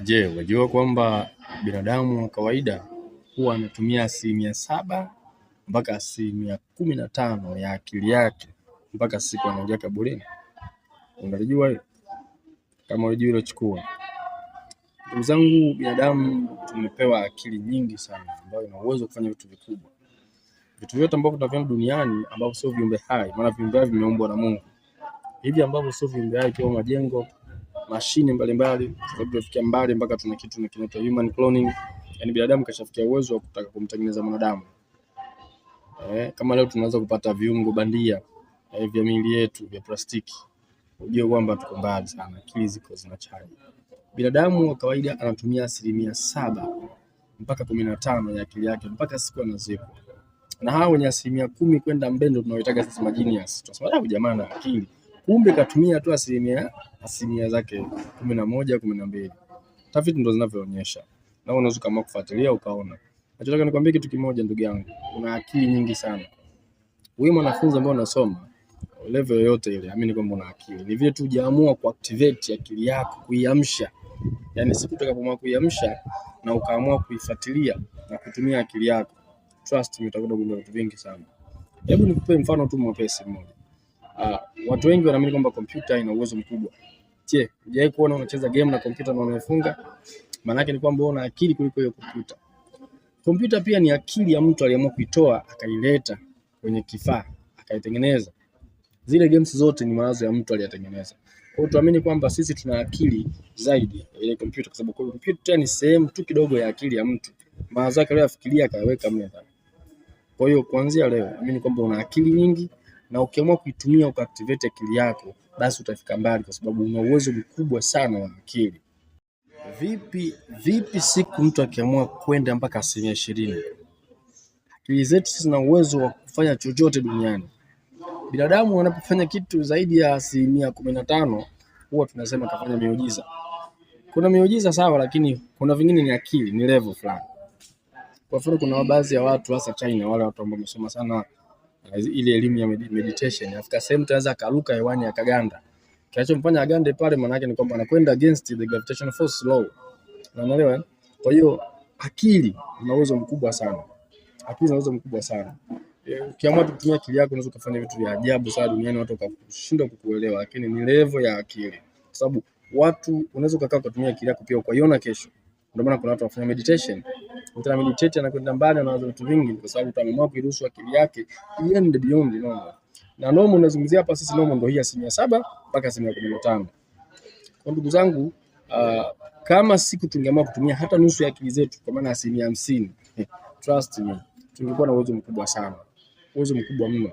Je, wajua kwamba binadamu wa kawaida huwa anatumia asilimia saba mpaka asilimia kumi na tano ya akili yake mpaka siku anaingia kaburini? Unalijua hilo? Kama hujui hilo chukua. Ndugu zangu, binadamu tumepewa akili nyingi sana ambayo ina uwezo kufanya vitu vikubwa. Vitu vyote ambavyo tunaviona duniani ambavyo sio viumbe hai, maana viumbe hai vimeumbwa na Mungu. Hivi ambavyo sio viumbe hai, ikiwa majengo mashine mbalimbali, sababu tunafikia mbali mpaka tuna kitu kinaitwa human cloning, yani binadamu kashafikia uwezo wa kutaka kumtengeneza mwanadamu. Eh, kama leo tunaanza kupata viungo bandia eh, vya miili yetu vya plastiki, ujue kwamba tuko mbali sana, akili ziko zinachaji. Binadamu wa kawaida anatumia asilimia saba mpaka kumi na tano ya akili yake mpaka siku anazikwa, na hawa wenye asilimia kumi kwenda mbele ndio tunaoitaga sisi majinias. Tunasema jamaa na akili kumbe katumia tu asilimia asilimia zake kumi na moja kumi na mbili. Tafiti ndo zinavyoonyesha, na unaweza kama kufuatilia ukaona. Nachotaka nikwambie kitu kimoja, ndugu yangu, una akili nyingi sana wewe, mwanafunzi ambaye unasoma level yoyote ile, amini kwamba una akili, ni vile tu hujaamua kuactivate akili yako, kuiamsha. Yani siku utakapoamua kuiamsha na ukaamua kuifuatilia na kutumia akili yako, trust me, utakuta kuna vitu vingi sana. Hebu nikupe mfano tu mwepesi mmoja. Uh, watu wengi wanaamini kwamba kompyuta ina uwezo mkubwa. Je, hujawahi kuona unacheza game na kompyuta na unaifunga? Maana yake ni kwamba una akili kuliko hiyo kompyuta. Kompyuta pia ni akili ya mtu aliyeamua kuitoa akaileta kwenye kifaa akaitengeneza. Zile games zote ni mawazo ya mtu aliyatengeneza. Kwa hiyo tuamini kwamba sisi tuna akili zaidi ya ile kompyuta, kwa sababu kompyuta ni sehemu tu kidogo ya akili ya mtu, mawazo yake aliyoyafikiria akayaweka mle ndani. Kwa hiyo kuanzia leo amini kwamba una akili nyingi na ukiamua kuitumia ukaactivate akili yako, basi utafika mbali, kwa sababu una uwezo mkubwa sana wa akili. Vipi vipi siku mtu akiamua kwenda mpaka asilimia ishirini? Akili zetu zina uwezo wa kufanya chochote duniani. Binadamu anapofanya kitu zaidi ya asilimia kumi na tano huwa tunasema kafanya miujiza. Kuna miujiza sawa, lakini kuna vingine ni akili, ni level fulani. Kwa mfano, kuna baadhi ya watu hasa China, wale watu ambao wamesoma sana ile elimu ya meditation. Afika sehemu tunaweza akaruka hewani akaganda. Kinachomfanya agande pale, maana yake ni kwamba anakwenda against the gravitational force law. Unaelewa? Kwa hiyo akili ina uwezo mkubwa sana, akili ina uwezo mkubwa sana. Eh, ukiamua tu kutumia akili yako unaweza kufanya vitu vya ajabu sana duniani, watu wakashindwa kukuelewa, lakini ni level ya akili, kwa sababu watu unaweza kukaa kutumia akili yako pia ukaiona kesho. Ndio maana kuna watu wanafanya meditation. Mtana na kwenda mbali, anawaza vitu vingi, kwa sababu tumeamua kuiruhusu akili yake iende beyond normal. Na normal unazungumzia hapa sisi, normal ndio hii asilimia saba mpaka asilimia kumi na tano. Kwa ndugu zangu, uh, kama siku tungeamua kutumia hata nusu ya akili zetu, kwa maana asilimia hamsini, eh, trust me, tungekuwa na uwezo mkubwa sana, uwezo mkubwa mno.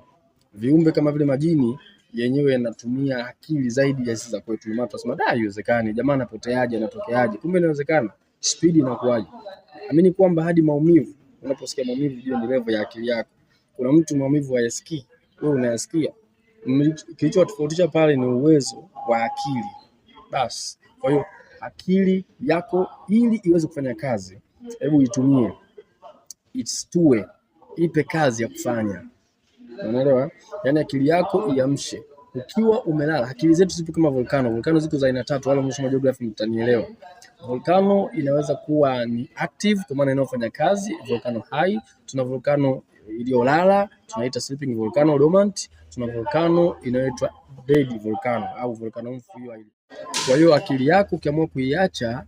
Viumbe kama vile majini yenyewe yanatumia akili zaidi ya sisi za kwetu. Tunasema da, haiwezekani, jamaa anapoteaje, anatokeaje? Kumbe inawezekana speed inakuwaje? Amini kwamba hadi maumivu, unaposikia maumivu hiyo ni level ya akili yako. Kuna mtu maumivu hayasikii, wewe unayasikia. Kilichowatofautisha pale ni uwezo wa akili basi. Kwa hiyo akili yako ili iweze kufanya kazi, hebu itumie, isitue, ipe kazi ya kufanya. Unaelewa? Yaani akili yako iamshe. Ukiwa umelala, akili zetu zipo kama volkano. Volkano ziko za aina tatu, wala msomaji geography mtanielewa volcano inaweza kuwa ni active kwa maana inayofanya kazi, volcano hai. Tuna volcano iliyolala tunaita sleeping volcano, dormant. Tuna volcano inayoitwa dead volcano au volcano mfu hiyo. Kwa hiyo akili yako ukiamua kuiacha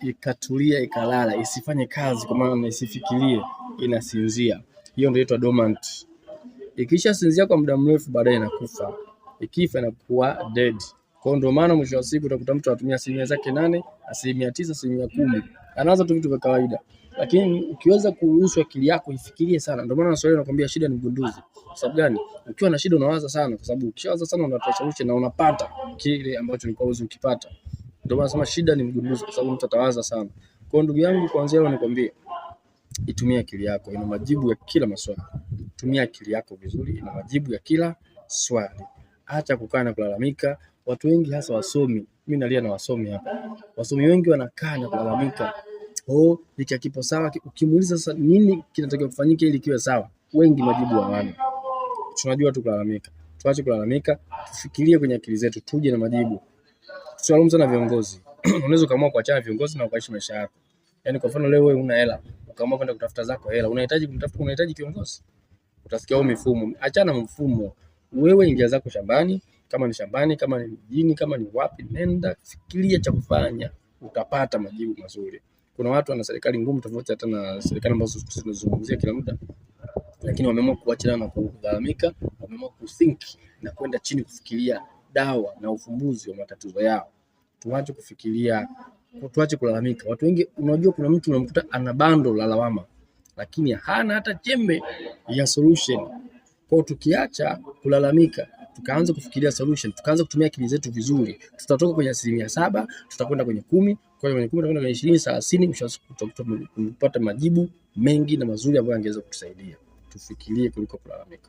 ikatulia ikalala isifanye kazi, kwa maana isifikirie, inasinzia, hiyo ndio inaitwa dormant. Ikisha sinzia kwa muda mrefu, baadaye inakufa. Ikifa inakuwa dead. Kwa ndio maana mwisho wa siku utakuta mtu anatumia asilimia zake nane, asilimia tisa, asilimia kumi, anaanza tu vitu vya kawaida, lakini ukiweza kuruhusu akili yako ifikirie sana. Ndio maana naswali nakwambia shida ni mgunduzi. Kwa sababu gani? Ukiwa na shida unawaza sana, kwa sababu ukishawaza sana unatoa solution na unapata kile ambacho ulikuwa uzi ukipata. Ndio maana nasema shida ni mgunduzi, kwa sababu mtu atawaza sana. Kwa ndugu yangu, kuanzia leo nikwambie, itumie akili yako, ina majibu ya kila maswali. Tumia akili yako vizuri, ina majibu ya kila swali. Acha kukaa na kulalamika watu wengi hasa wasomi, mimi nalia na wasomi hapa. Wasomi wengi wanakaa na kulalamika, oh, hiki hakipo sawa. Ukimuuliza sasa nini kinatakiwa kufanyike ili kiwe sawa, wengi majibu hawana. Tunajua tu kulalamika, tuache kulalamika, tufikirie kwenye akili zetu, tuje na majibu. Tusiwalaumu sana viongozi. Unaweza ukaamua kuachana viongozi na ukaishi maisha yako. Yaani kwa mfano leo wewe una hela, ukaamua kwenda kutafuta zako hela, unahitaji kumtafuta, unahitaji kiongozi. Utasikia huo mifumo, achana mfumo. Wewe ingia zako shambani kama ni shambani, kama ni mjini, kama ni wapi, nenda fikiria cha kufanya, utapata majibu mazuri. Kuna watu wana serikali ngumu, tofauti hata na serikali ambazo tunazungumzia kila muda, lakini wameamua kuachana na kulalamika, wameamua kuthink na kwenda chini kufikiria dawa na ufumbuzi wa matatizo yao. Tuache kufikiria, tuache kulalamika. Watu wengi, unajua, kuna mtu unamkuta ana bando la lawama, lakini hana hata chembe ya solution. Kwa tukiacha kulalamika tukaanza kufikiria solution, tukaanza kutumia akili zetu vizuri, tutatoka kwenye asilimia saba tutakwenda kwenye kumi, kwenye kumi tutakwenda kwenye ishirini, thelathini, kupata majibu mengi na mazuri ambayo angeweza kutusaidia. Tufikirie kuliko kulalamika.